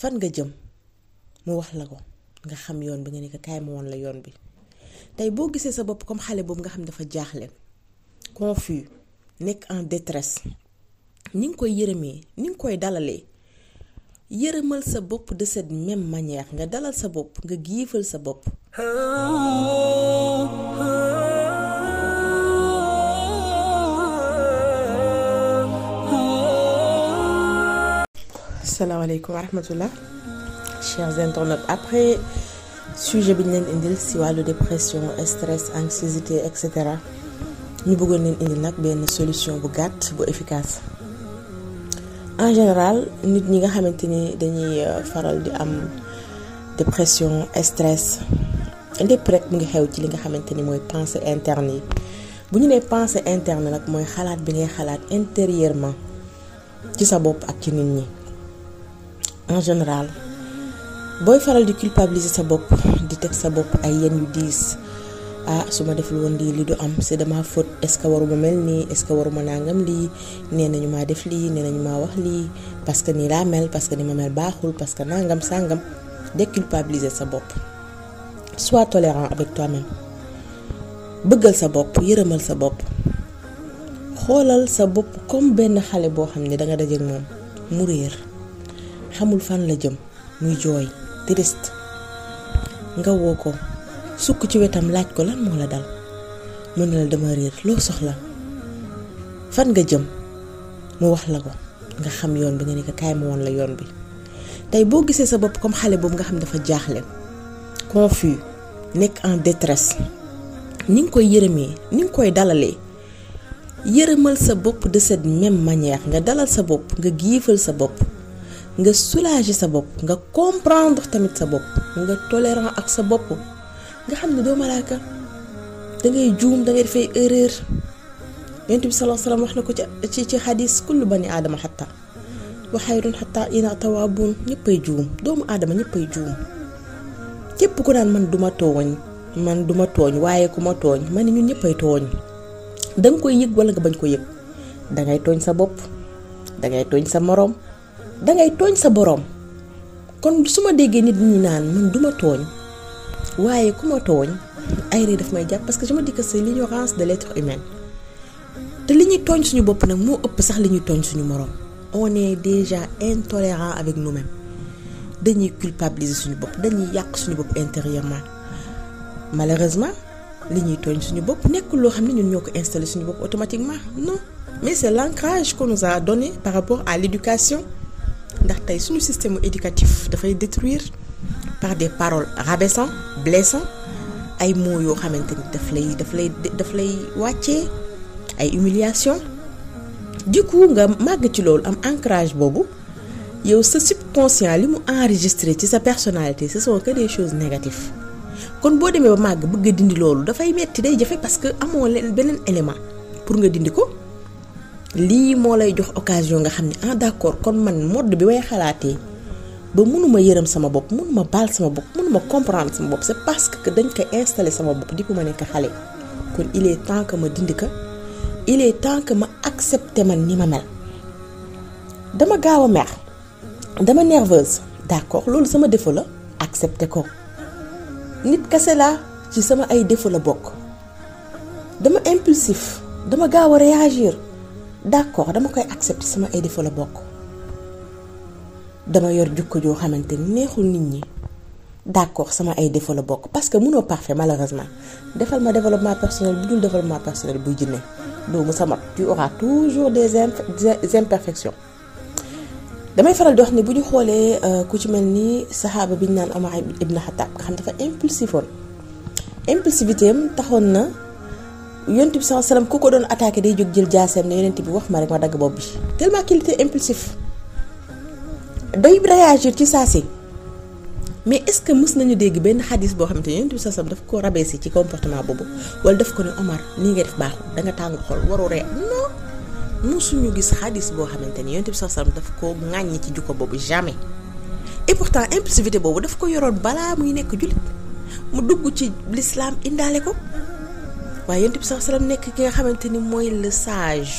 fan nga jëm mu wax la ko nga xam yoon bi nga ne ko kaay ma woon la yoon bi tey boo gisee sa bopp comme xale boobu nga xam dafa jaaxle confus nekk en détresse ni nga koy yërëmee ni nga koy dalalee yërëmal sa bopp de cette même manière nga dalal sa bopp nga giifal sa bopp ah, ah. asalaamaaleykum wa rahmatullah chers internautes après sujet bi ñu leen indil si wàllu dépression stress anxiété et cetera ñu bëggoon leen indil nag benn solution bu gàtt bu efficace. en général nit ñi nga xamante ni dañuy euh, faral di am dépression stress lépp rek mu ngi xew ci li nga xamante ni mooy pensée interne yi bu ñu nee pensée interne nag mooy xalaat bi ngay xalaat intérieurement ci sa bopp ak ci nit ñi. en général booy faral di culpabiliser sa bopp di teg sa bopp ay yenn yu diis ah su ma deful woon lii li du am c'est dama faute est-ce que waruma mel nii est-ce que waruma nàngam lii nee nañu maa def lii nee nañu ma wax lii parce que nii laa mel parce que ni ma mel baaxul parce que nangam sàngam déculpabiliser sa bopp sois tolérant avec bëggal sa bopp yërëmal sa bopp xoolal sa bopp comme benn xale boo xam ne danga dajeek moom mu réer xamul fan la jëm muy jooy triste nga woo ko sukk ci wetam laaj ko lan moo la dal mu ne la dama réer loo soxla fan nga jëm mu wax la ko nga xam yoon bi nga ne ko kaay ma woon la yoon bi tey boo gisee sa bopp comme xale boobu nga xam dafa jaaxle confus nekk en détresse ni nga koy yërëmee ni nga koy dalalee yërëmal sa bopp de cette même manière nga dalal sa bopp nga giifal sa bopp nga soulager sa bopp nga comprendre tamit sa bopp nga tolérant ak sa bopp nga xam ne doo malaaka da ngay juum da ngay def ay erreur yonent bi sallallahu alayhi wax na ko ci ci xadis kullu bani aadama xatta wa xayrun xatta ina tawaabuun juum doomu aadama ñëppay juum képp ku naan man duma tooñ man duma tooñ waaye ku ma tooñ man ñun ñëppay tooñ danga koy yëg wala nga bañ ko yëg dangay tooñ sa bopp dangay tooñ sa moroom dangay tooñ sa borom kon su ma déggee nit ñi naan man duma tooñ waaye ku ma tooñ ay ree may jàpp parce que je me dis que c'est l'ignorance de l'être humain te li ñuy tooñ suñu bopp nag moo ëpp sax li ñuy tooñ suñu morom on est déjà intolérant avec nous-mêmes dañuy culpabiliser suñu bopp dañuy yàq suñu bopp intérieurement malheureusement li ñuy tooñ suñu bopp nekkul loo xam ne ñun ñoo ko installé suñu bopp automatiquement non mais c'est l'ancrage qu'on nous a donné par rapport à l'éducation ndax tey suñu système éducatif dafay détruire par des paroles rabaissantes blessantes ay mots yoo xamante ni daf lay daf lay daf lay wàccee ay humiliation du coup nga màgg ci loolu am ancrage boobu yow sa subconscient li mu enregistré ci sa personnalité ce sont que des négatif kon boo demee ba màgg bëgg a dindi loolu dafay metti day jafe parce que amoo beneen élément pour nga dindi ko lii moo lay jox occasion nga xam ne ah d'accord kon man modd bi way xalaatee ba mënuma yërëm sama bopp mënuma baal sama bopp mënuma comprendre sama bopp c'est parce que dañ koy installé sama bopp di ko ma nekk xale kon il tant temps que ma dindi ko il tant temps que ma accepter man ni ma mel dama gaaw a mer dama nerveuse d'accord loolu sama défaut la accepter ko nit kase laa ci sama ay défaut la bokk dama impulsif dama gaaw a réagir d'accord dama koy accepter sama ay défaut la bokk dama yor jukko joo xamante ni neexul nit ñi d'accord sama ay défaut la bokk parce que mënoo parfait malheureusement defal ma développement personnel bu dul développement personnel buy jinne doo mu sama tu auras toujours des imperfections damay faral di wax ni bu ñu xoolee euh, ku ci mel ni saxaaba bi ñu naan Omar ibn Xattaab nga xam dafa impulsifoon impulsivité am taxoon na. yonent bi sallallahu alayhi ku ko doon attaqué day jóg jël jaaseem ne yonent bi wax ma rek ma dagg bopp bi tellement qu'il était impulsif day réagir ci saa si mais est-ce que mës nañu dégg benn xadis boo xam te yonent bi sallallahu alayhi wasallam daf ko rabaissé ci comportement boobu wala daf ko ne Omar nii nga def baaxul da nga tàng xol waroo ree non mësuñu gis xadis boo xamante ni yonent bi sallallahu alayhi wasallam daf ko ŋàññi ci jukko boobu jamais et pourtant impulsivité boobu daf ko yoroon balaa muy nekk jullit mu dugg ci l'islam indaale ko waaye yonent bi sax salaam nekk ki nga xamante ni mooy le sage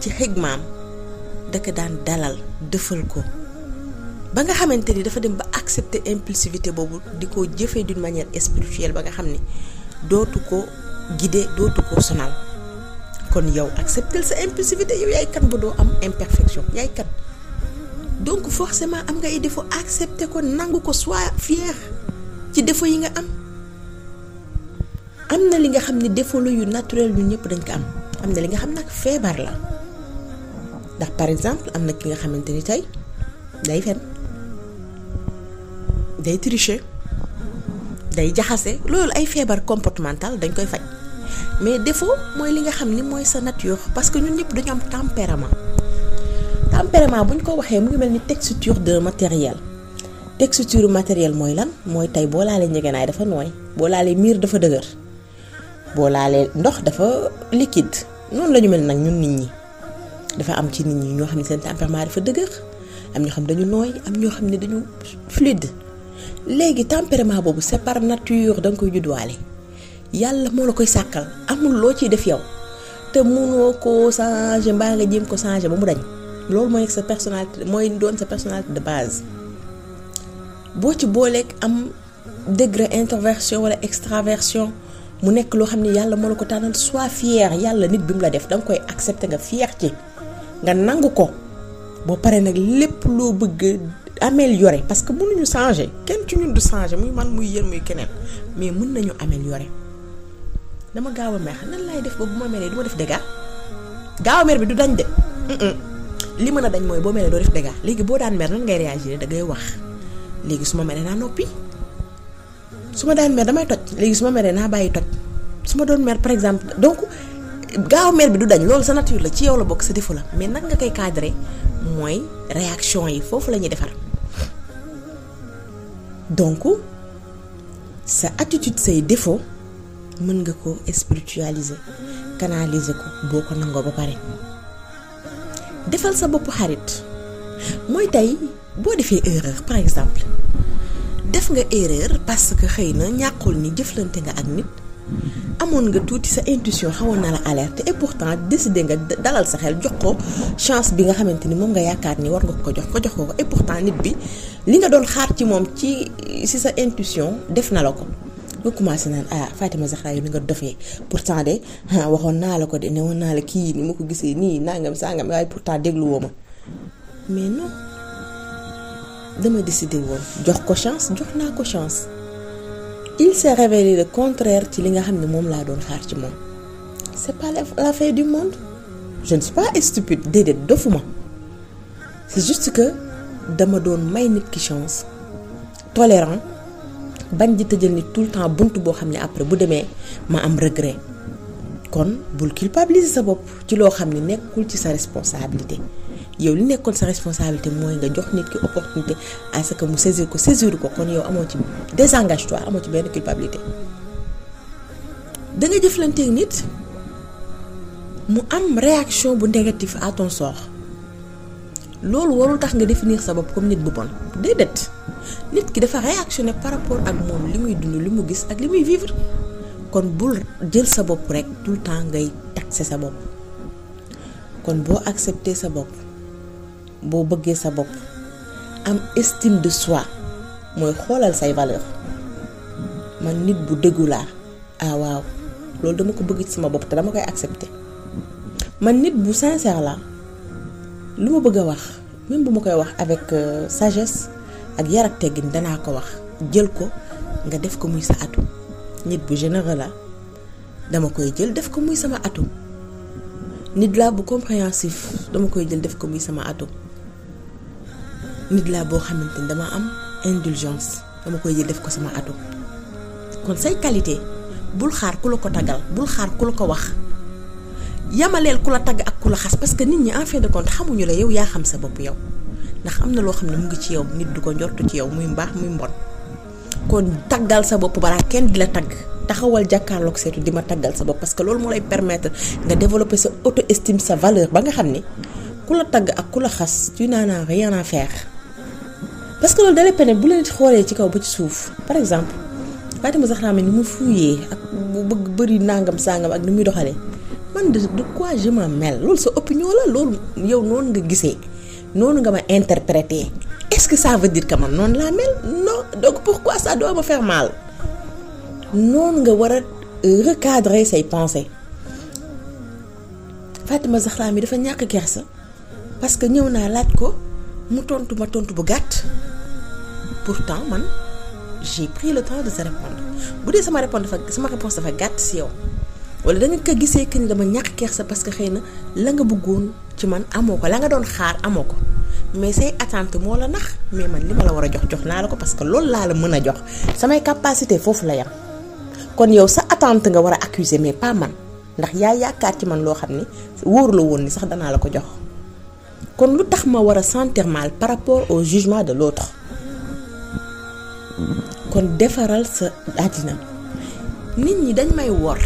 ci xigmaam daka daan dalal dëfal ko ba nga xamante ni dafa dem ba accepter impulsivité boobu di ko jëfee d'une manière spirituelle ba nga xam ni dootu ko guider dootu ko sonal kon yow accepter sa impulsivité yow yaay kan bu doo am imperfection yaay kan donc forcément am nga ay défaut accepter ko nangu ko soit fier ci défaut yi nga am. am na li nga xam ne défaut la yu naturel ñun ñëpp dañ ko am am na li nga xam nag feebar la ndax par exemple am na ki nga xamante ni tey day fen day tricher day jaxase loolu ay feebar comportemental dañ koy faj mais défaut mooy li nga xam ni mooy sa nature parce que ñun ñëpp dañu am tempérament tempérament bu ñu ko waxee mu ngi mel ni texture de matériel texture matériel mooy lan mooy tey boo laalee naay dafa nooy boo laalee miir dafa dëgër. boo laalee ndox dafa liquide noonu la ñu mel nag ñun nit ñi dafa am ci nit ñi ñoo xam ne seen tempérament dafa dëgër am ñoo xam dañu nooy am ñoo xam ne dañu fluide léegi tempérament boobu c'est par nature da nga koy judduwaale yàlla moo la koy sàkkal amul loo ciy def yow te mënoo ko changer mbaa nga jéem ko changer ba mu dañ loolu mooy sa personnalité mooy doon sa personnalité de base boo ci booleeg am degré introversion wala extraversion mu nekk loo xam ne yàlla moo la ko tànnal soit fier yàlla nit bi mu la def danga koy accepter nga fier ci nga nangu ko boo paree nag lépp loo bëgg améliorer parce que mënuñu changer kenn ci ñun du changer muy man muy yéen muy keneen mais mun nañu améliorer dama gaaw a mer nan lay def ba bu ma meree du ma def dégâts gaaw a bi du dañ de li mën a dañ mooy boo meree doo def dégâts léegi boo daan mer nan ngay réagir da ngay wax léegi su ma meree naa noppi. su ma daan mer damay toj léegi su ma meree naa bàyyi toj su ma doon mer par exemple donc gaaw mer bi du dañ loolu sa nature la ci yow la bokk sa défaut la mais nag nga koy cadré mooy réaction yi foofu la ñuy defar donc sa attitude say défaut mën nga ko spiritualiser canaliser ko boo ko nangoo ba pare defal sa boppu xarit mooy tey boo defee erreur par exemple def nga erreur parce que xëy na ñàkkul ni jëflante nga ak nit amoon nga tuuti sa intuition xawoon na la alerte et pourtant décidé nga dalal sa xel jox ko chance bi nga xamante ni moom nga yaakaar ni war nga ko jox ko jox ko ko et pourtant bi li nga doon xaar ci moom ci si sa intuition def na la ko. nga commencé naan ah Fatima Zahra yow ni nga dofee pourtant de ah, waxoon naa la ko de newoon naa la kii ni ma ko gisee nii nangam sangam waaye pourtant dégluwoo ma mais non. dama décidé woon jox ko chance jox naa ko chance il s'est révélé le contraire ci li nga xam ne moom laa doon xaar ci moom c'est pas la fin du monde je ne suis pas stupide déedéet dofuma c'est juste que dama doon may nit ki chance tolérant bañ di tëjal nit tout le temps bunt boo xam ne après bu demee ma am regret kon bul culpabiliser sa bopp ci loo xam ne nekkul ci sa responsabilité yow li nekkoon sa responsabilité mooy nga jox nit ki opportunité à ce que mu saisir ko saisir ko kon yow amoo ci désengage toi amoo ci benn culpabilité da nga jëflanteeg nit mu am réaction bu négatif à ton sort loolu warul tax nga définir sa bopp comme nit bu bon déedéet nit ki dafa réactionné par rapport ak moom li muy dund li mu gis ak li muy vivre kon bul jël sa bopp rek tout le temps ngay taxer sa bopp kon boo accepter sa bopp boo bëggee sa bopp am estime de soi mooy xoolal say valeur man nit bu dëggu laa ah waaw loolu dama ko bëgg sama bopp te dama koy accepter man nit bu sincère la lu ma bëgg a wax même bu ma koy wax avec euh, sagesse ak yar ak teggin danaa ko wax jël ko nga def ko muy sa atu nit bu généreux dama koy jël def ko muy sama atu nit laa bu compréhensif dama koy jël def ko muy sama atu nit laa boo xamante ni dama am indulgence dama koy def ko sama atu kon say qualité bul xaar ku la ko taggal bul xaar ku la ko wax yamaleel ku la tagg ak ku la xas parce que nit ñi en de compte xamuñu la yow yaa xam sa bopp yow ndax am na loo xam ne mu ngi ci yow nit du ko njortu ci yow muy mbaax muy mbon kon taggal sa bopp balaa kenn di la tagg taxawal jàkkaarloog seetu di ma taggal sa bopp parce que loolu moo permettre nga développer sa auto estime sa valeur ba nga xam ni ku la tagg ak ku la tu n'en as rien parce que loolu dalee pene bu la nit xoolee ci kaw ba ci suuf par exemple Fatima Zahra mi ni mu fuuyee ak mu bëgg bëri nangam sangam ak ni muy doxalee man de de quoi je m'en mêle loolu sa opinion la loolu yow noonu nga gisee noonu nga ma interprété ce que ça veut dire que man noonu laa mel non donc pourquoi ça doit noonu nga war a euh, recadrer say pensées Fatima Zahra mi dafa ñàkk kersa parce que ñëw naa laaj ko mu tontu ma tontu bu gàtt. pourtant man j'ai pris le temps de se répondre bu dee sama répondre dafa sama réponse dafa gàtt si yow wala da nga ko gisee que ni dama ñàkk kersa parce que xëy na la nga bëggoon ci man amoo ko la nga doon xaar amoo ko mais say attente moo la nax mais man li ma la war a jox jox naa la ko parce que loolu laa la mën a jox samay capacité foofu la yam kon yow sa attente nga war a accuser mais pas man ndax yaa yaakaar ci man loo xam ni wóor la woon ni sax danaa la ko jox kon lu tax ma war a sentir mal par rapport au jugement de l'autre kon defaral sa àddina nit ñi dañ may wor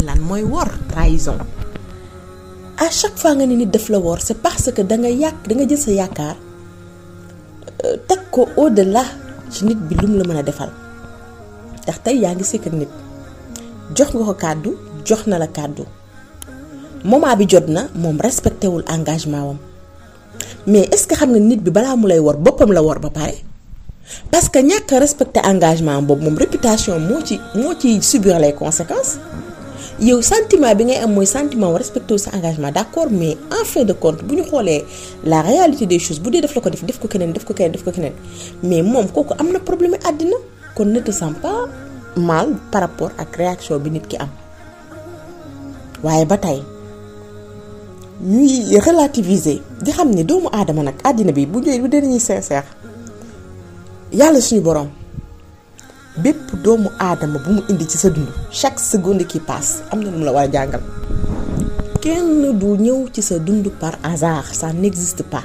lan mooy wor trahison à chaque fois nga ne nit daf la wor c'est parce que da nga yàq da nga jël sa yaakaar euh, teg ko au delà ci nit bi lu mu la mën a defal ndax tey yaa ngi sekk nit jox nga ko kàddu jox na la kàddu moment bi jot na moom respecté wul engagement wam mais est-ce que xam nga nit bi balaa mu lay wor boppam la wor ba pare. parce que ñàkk respecter engagement boobu moom réputation moo ci moo ciy subir les conséquence yow sentiment bi ngay am mooy sentiment wu respecté sa engagement d'accord mais en fin de compte bu ñu xoolee la réalité de choses bu dee def la ko def def ko keneen def ko keneen def ko keneen mais moom kooku am na problème àddina kon ne te mal par rapport ak réaction bi nit ki am waaye ba tey ñuy relativiser di xam ne doomu aadama nag àddina bi bu ñëwee bu dee dañuy sincère. yàlla suñu borom bépp doomu aadama bu mu indi ci sa dund chaque seconde qui passe am na lu mu la war a jàngal kenn du ñëw ci sa dund par hasard sa n'existe pas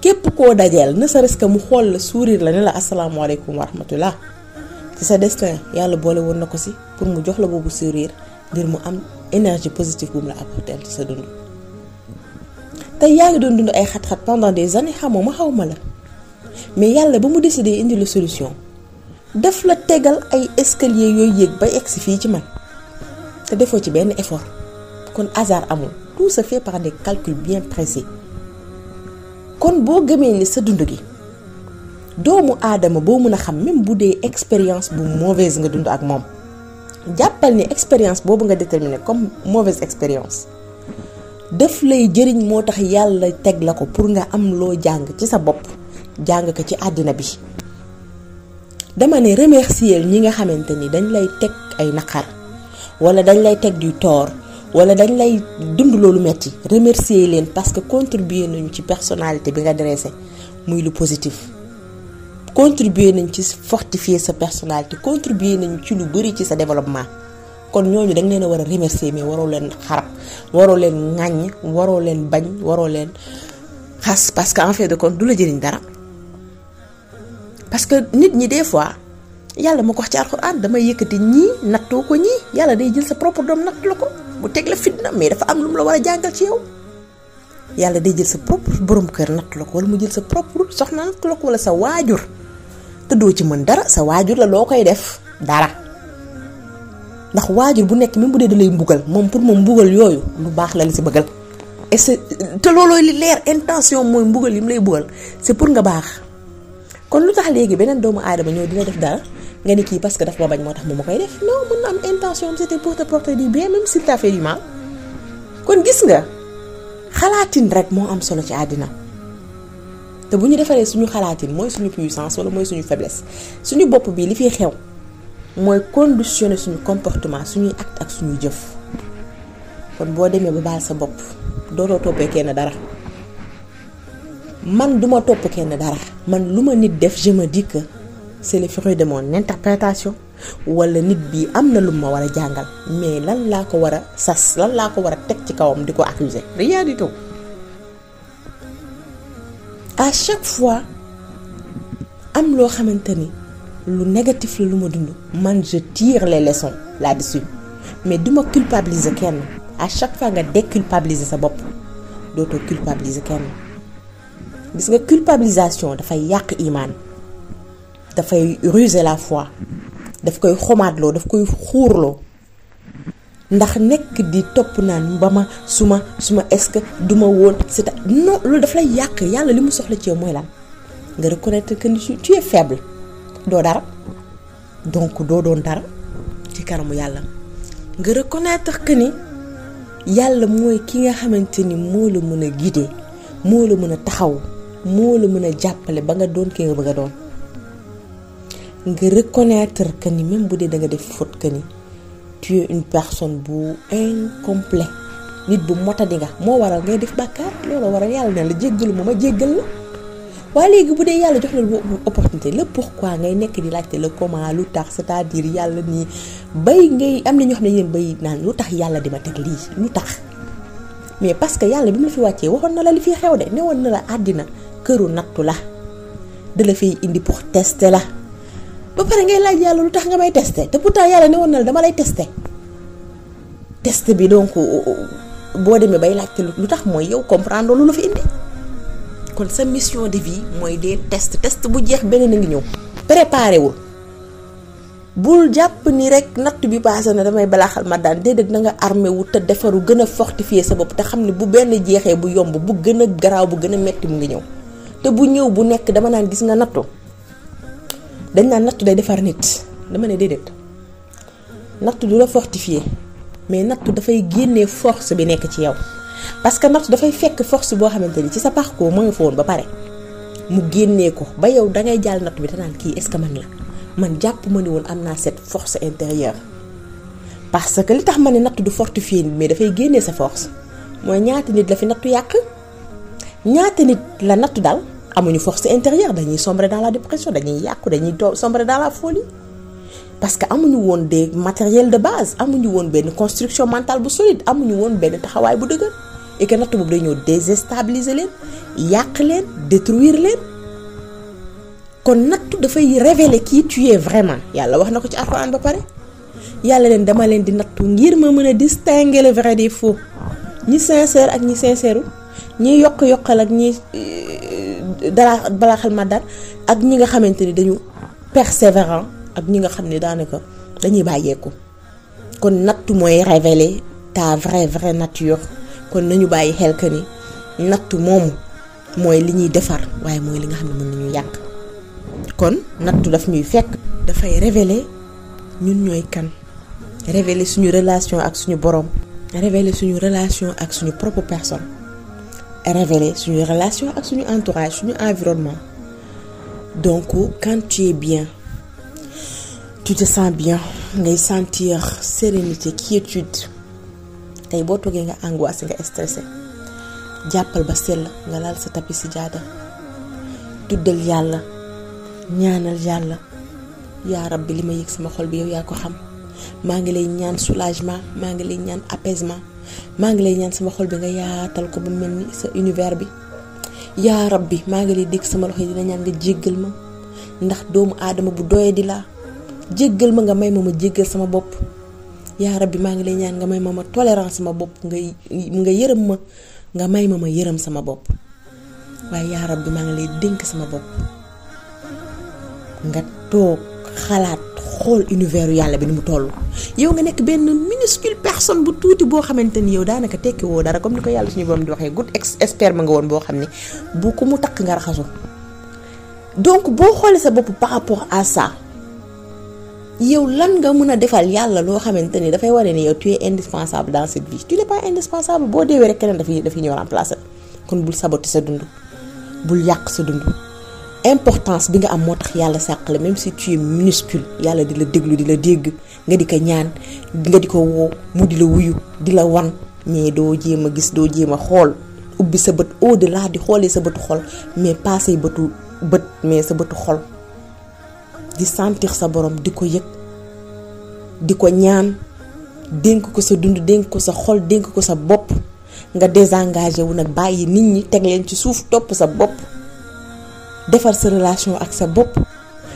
képp koo dajeel na sa ce mu xool la sourire la ne la asalaamaaleykum wa rahmatullah ci sa destin yàlla boole woon na ko si pour mu jox la boobu sourire ngir mu am énergie positive bu mu la apporter ci sa dund tey yaa ngi doon dund ay xat-xat pendant des années xamoo ma xaw ma la mais yàlla ba mu décidé indi la solution daf la tegal ay escalier yooyu yéeg ba egg si fii ci man te defoo ci benn effort kon hasard amul tout sa fait par des calculs bien précis kon boo gëmee ni sa dund gi doomu aadama boo mën a xam même bu dee expérience bu mauvaise nga dund ak moom jàppal ni expérience boobu nga déterminer comme mauvaise expérience daf lay jëriñ moo tax yàlla teg la ko pour nga am loo jàng ci sa bopp jàng ko ci àddina bi dama ne remercier ñi nga xamante ni dañ lay teg ay naqar wala dañ lay teg du toor wala dañ lay dund loolu metti remercier leen parce que contribuer nañu ci personnalité bi nga dressé muy lu positif contribuer nañ ci fortifier sa personnalité contribuer nañu ci lu bëri ci sa développement kon ñooñu dañ leen war a remercier mais waroo leen xarab waroo leen ŋàññ waroo leen bañ waroo leen xas parce que en fait de compte du la jëriñ dara parce que nit ñi des fois yàlla ma ko wax ci alxuraan damay yëkkati ñii nattoo ko ñii yàlla day jël sa propre doom natt la ko bu teg la fitna mais dafa am lu mu la war a jàngal ci yow yàlla day jël sa propre borom kër natt la ko wala mu jël sa propre soxna natt la ko wala sa waajur te doo ci mën dara sa waajur la loo koy def dara ndax waajur bu nekk mi bu dee da lay mbugal moom pour moom mbugal yooyu lu baax la la si bëggal et te looloo li leer intention mooy mbugal yi mu lay mbugal c'est pour nga baax. kon lu tax léegi beneen doomu aadama ñëw dina def dara nga ni kii parce que daf ma bañ moo tax mu ma koy def non mën am intention am c'était pour te porter du bien même s'il t'a kon gis nga xalaatin rek moo am solo ci àddina te bu ñu defaree suñu xalaatin mooy suñu puissance wala mooy suñu faiblesse suñu bopp bii li fiy xew mooy conditionner suñu comportement suñuy acte ak suñuy jëf kon boo demee ba baal sa bopp dootoo toppee kenn dara. man duma topp kenn dara man lu ma nit def je dikk dis que c'est le fruit de mon interprétation wala nit bi am na lu ma war a jàngal mais lan laa ko war a sas lan laa ko war a teg ci kawam di ko accuser rien du tout à chaque fois am loo xamante ni lu négatif la lu ma dund man je tire les leçons là-dessus mais duma culpabiliser kenn à chaque fois nga déculpabiliser sa bopp dootoo culpabiliser kenn gis nga culpabilisation dafay yàq imaan dafay ruser la fois daf koy xomaatloo daf koy xuurloo ndax nekk di topp naan ba ma su ma su ma est-ce que du ma woon c'est loolu daf lay yàq yàlla li mu soxla ci yow mooy lan nga reconnaître que ni faible doo dara donc doo doon dara ci kanamu yàlla nga reconnaître que ni yàlla mooy ki nga xamante ni moo la mën a guider moo la mën a taxaw moo la mën a jàppale ba nga doon ki nga bëgg a doon nga reconnaître que ni même bu dee danga nga def faute que ni tu es une personne bu incomplet nit bu motadi nga moo waral ngay def bàkkaar looloo waral yàlla ne la jéggalu ma ma jéggal la waaye léegi bu dee yàlla jox la opportunité le pourquoi ngay nekk di laajte la comment lu tax cest à yàlla nii bay ngay am na ñoo xam ne yéen bay naan lu tax yàlla di ma teg lii lu tax mais parce que yàlla bi mu la fi wàccee waxoon na la li fi xew de newoon na la àddina këru nattu la da la fay indi pour tester la ba pare ngay laaj yàlla lu tax nga may tester te pourtant yàlla ne woon na la dama lay tester test bi donc euh, euh, boo demee bay laajte lu tax mooy yow comprendre lu la fi indi kon sa mission de vie mooy des test test bu jeex beneen a ngi ñëw préparé wul bul jàpp ni rek natt bi passé na damay balaaxal ma daan déedéet na nga armé wu te defaru gën a fortifier sa bopp te xam ne bu benn jeexee bu yomb bu gën a garaaw bu gën a metti mu ngi te bu ñëw bu nekk dama naan gis nga nattu dañ naan nattu day defar nit dama ne déedéet nattu du la fortifier mais nattu dafay génne force bi nekk ci yow parce que nattu dafay fekk force boo xamante ni ci sa parcours mu nga fa woon ba pare mu génnee ko ba yow dangay jàll nattu bi te naan kii est-ce que man la man jàpp ma ne woon am naa set force intérieure parce que li tax ma ne nattu du fortifier mais dafay génnee sa force mooy ñaati nit la fi nattu yàq. ñaata nit la nattu daal amuñu force intérieure dañuy sombre dans la dépression dañuy yàqu dañuy sombrer dans la folie parce que amuñu woon de matériel de base amuñu woon benn construction mentale bu solide amuñu woon benn taxawaay bu dëgër et que natt boobu day ñëw déstabiliser leen yàq leen détruire leen kon nattu dafay révéler qui tu es vraiment yàlla wax na ko ci alxuraan ba pare yàlla leen dama leen di nattu ngir ma mën a distinguer le vrai des faux ñi sincère ak ñiy yokk yokkal ak ñiy euh, dara balaaxal ma dar ak ñi nga xamante ni dañu persévérant ak ñi nga xam ne daanaka dañuy bàyyeeku kon nattu mooy révéler ta vraie vraie nature kon nañu bàyyi xel que ni nattu moomu mooy li ñuy defar waaye mooy li nga xam ne mën nañu yàq kon nattu daf ñuy fekk dafay révéler ñun ñooy kan révéler suñu relation ak suñu borom révéler suñu relation ak suñu propre personne révéler suñu relation ak suñu entourage suñu environnement donc quand bien tu te bien ngay sentir sérénité quiétude tey boo toogee nga angoissé nga stressé jàppal ba sell nga laal sa tapis si jaada tuddal yàlla ñaanal yàlla yaa bi li ma yëg sama xol bi yow yaa ko xam maa ngi lay ñaan soulagement maa ngi lay ñaan apaisement maa ngi lay ñaan sama xol bi nga yaatal ko ba mel ni sa univers bi yaa rabbi maa ngi lay dégg sama yi dina ñaan nga jéggal ma ndax doomu aadama bu doye di laa jéggal ma nga may ma ma jéggal sama bopp yaa rabbi maa ngi lay ñaan nga may ma ma tolérance sama bopp nga nga yërëm ma nga may ma ma yërëm sama bopp waaye yaa maa ngi lay dénk sama bopp nga toog xalaat xool univers yàlla bi ni mu toll yow nga nekk benn minuscule personne bu tuuti boo xamante ni yow daanaka tekki woo dara comme ni ko yàlla suñu borom di waxee gut expert ma nga woon boo xam ne bu ko mu takk nga raxasu donc boo xoolee sa bopp par rapport à ça yow lan nga mën a defal yàlla loo xamante ni dafay wane ni yow tu es indispensable dans cette vie tu pas indispensable boo deewee rek keneen dafay dafay ñëw remplacer kon bul saboter sa dund bul yàq sa dund. importance bi nga am moo tax yàlla sàq la même si tu es minuscule yàlla di la déglu di la dégg nga di ko ñaan nga di ko woo mu di la wuyu di la wan mais doo jéem a gis doo jéem a xool ubbi sa bët au delà di xoolee sa bëtu xol mais pas bëtu bët mais sa bëtu xol di sentir sa borom di ko yëg di ko ñaan dénk ko sa dund dénk ko sa xol dénk ko sa bopp nga désengagé wu nag bàyyi nit ñi teg leen ci suuf topp sa bopp. defar sa relation ak sa bopp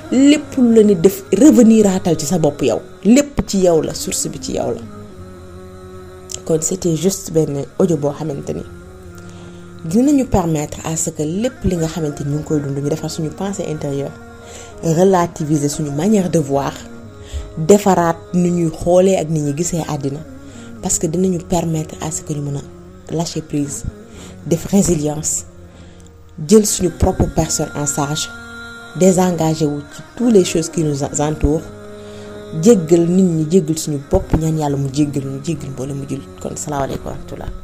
lépp lu la ni def revenir aatal ci sa bopp yow lépp ci yow la source bi ci yow la kon c'était juste benn audio boo xamante ni dinañu permettre à ce que lépp li nga xamante ni ñu ngi koy dund ñu defar suñu pensée intérieure relativiser suñu manière de voir defaraat ni ñuy xoolee ak ni ñuy gisee àddina parce que dinañu permettre à ce que ñu mën a lâcher prise def résilience. jël suñu propre personne en charge désengagé wu ci toutes les choses qui nous entourent jéggal nit ñi jéggal suñu bopp ñaan yàlla mu jéggal ñu jéggal mboolem mu jul kon salaamaaleykum wa